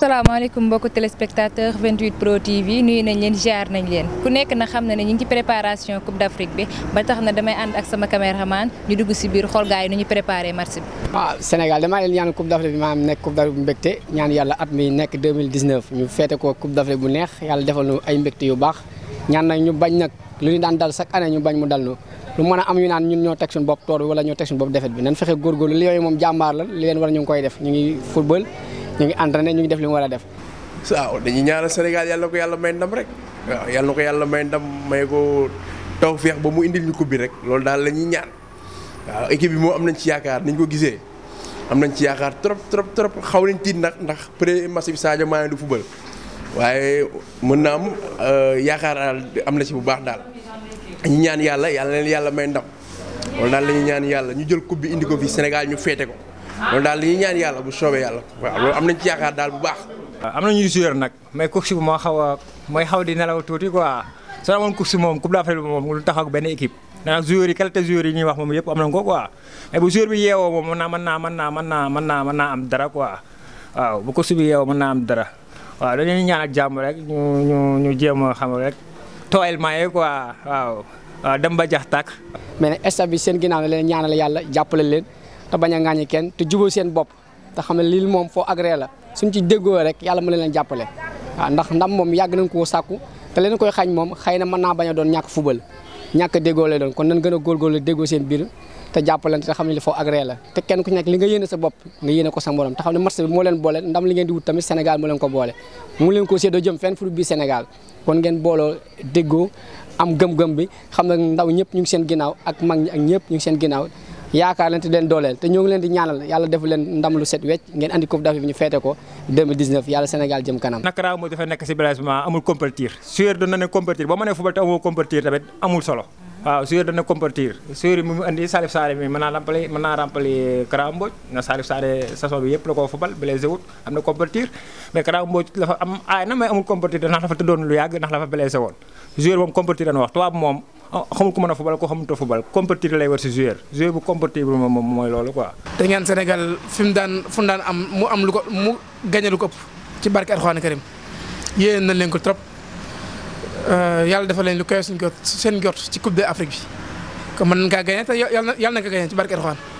salaamaaleykum mbokki téléspectateur 28 Pro TV nuyu nañ leen jaar nañ leen ku nekk na xam na ne ñu ngi ci préparation Coupe d'Afrique bi ba tax na damay ànd ak sama caméraman ñu dugg si biir xool gars yi nu ñu préparé match bi. waaw Sénégal damaa leen ñaan Coupe d'Afrique bi maanaam nekk Coupe d'Afrique bu mbégte ñaan yàlla at mi nekk 2019 ñu féete ko Coupe d'Afrique bu neex yàlla defal ñu ay mbégte yu baax ñaan nag ñu bañ nag lu ñu daan dal chaque année ñu bañ mu dal ñu. lu a am ñu naan ñun ñoo teg suñu bopp wala ñoo teg suñu bopp defet bi nan fexe góorgóorlu li yooyu moom jàmbaar la li koy def ñu ngi football ñu ngi entraîné ñu ngi def li mu war a def. waaw dañuy ñaanal Sénégal yàlla ko yàlla may ndam rek waaw na ko yàlla may ndam may ko feex ba mu indil ñu bi rek loolu daal la ñuy ñaan waaw bi moom am nañ ci yaakaar niñ ko gisee am nañ ci yaakaar trop trop trop xaw nañ tiit nag ndax pré match bi Sadio Mané du football waaye mën na am euh, yaakaar am na ci bu baax daal ñaan yàlla yàlla leen yàlla may ndam loolu daal la ñaan yàlla ñu jël coupe bi indi ko fii Sénégal ñu féete ko. loolu daal li ñuy ñaan yàlla bu soobee yàlla waaw loolu am nañ ci yaakaar daal bu baax. am na ñuy joueur nag mais course bi moo xaw a mooy xaw di nelaw tuuti quoi soo amoon course moom coupe d'Afrique bi moom lu taxaw ak benn équipe. maanaam joueurs yi qualité joueurs yi ñuy wax moom yëpp am nañ ko quoi mais bu joueur bi yeewoo moom mën naa mën naa mën naa mën naa mën naa mën naa am dara quoi waaw bu course bi yeewoo mën naa am dara waaw dañuy ñaan ak jàmm rek ñu ñu ñu jéem a xam rek tooyal maye quoi waaw dem ba jax tàkk. mais nag stade bi seen ginnaaw la leen ñaanal yàlla jàppale leen te bañ a ŋaañi kenn te jubóo seen bopp te xam ne lii moom foo agré la suñ ci déggoo rek yàlla mu na leen jàppale waaw ndax ndam moom yàgg nañ koo sàkku te leen koy xañ moom xëy na mën naa bañ a doon ñàkk fubal ñàkk déggoo lay doon kon nañ gën a góorgóorlu déggoo seen biir te jàppalante te xam ne li foo agré la te kenn ku nekk li nga yéene sa bopp nga yéene ko sa morom te xam ne match bi moo leen boole ndam li ngeen di wut tamit Sénégal moo leen ko boole mu leen ko séddoo jëm fenn fu biir Sénégal kon ngeen booloo déggoo am gëm-gëm bi xam ne ndaw ñëpp ñu seen ginnaaw ak mag ñi ak ñëpp ñu seen ginnaaw yaakaar leen te leen dooleel te ñoo ngi leen di ñaanal yàlla defu leen ndam lu set wecc ngeen andi coupe d'Afrique bi ñu feete ko 2019 yàlla Sénégal jëm kanam na ne compétiteur boo na compétiteur suyér mu andi Salif Saare na Salif Saare saison la ko am na na mais amul compétiteur ndax dafa tëddoon lu yàgg ndax dafa blessé woon suyér moom compétiteur na wax moom Ah, xamul ku mën a fubal ko xamut a fubal compétir lay war si joueur joueur bu compétible moom mooy loolu quoi. te ñaan Sénégal fi mu daan fu mu daan am mu am lu ko mu gagné lu ko ëpp ci barke Alxuraan Karim yéen nañ leen ko trop euh, yàlla defal leen lu koy suñ ko seen gort ci coupe d'Afrique bi kon mën ngaa gagné te yàlla yal yàlla na ko gagné ci barke Alxuraan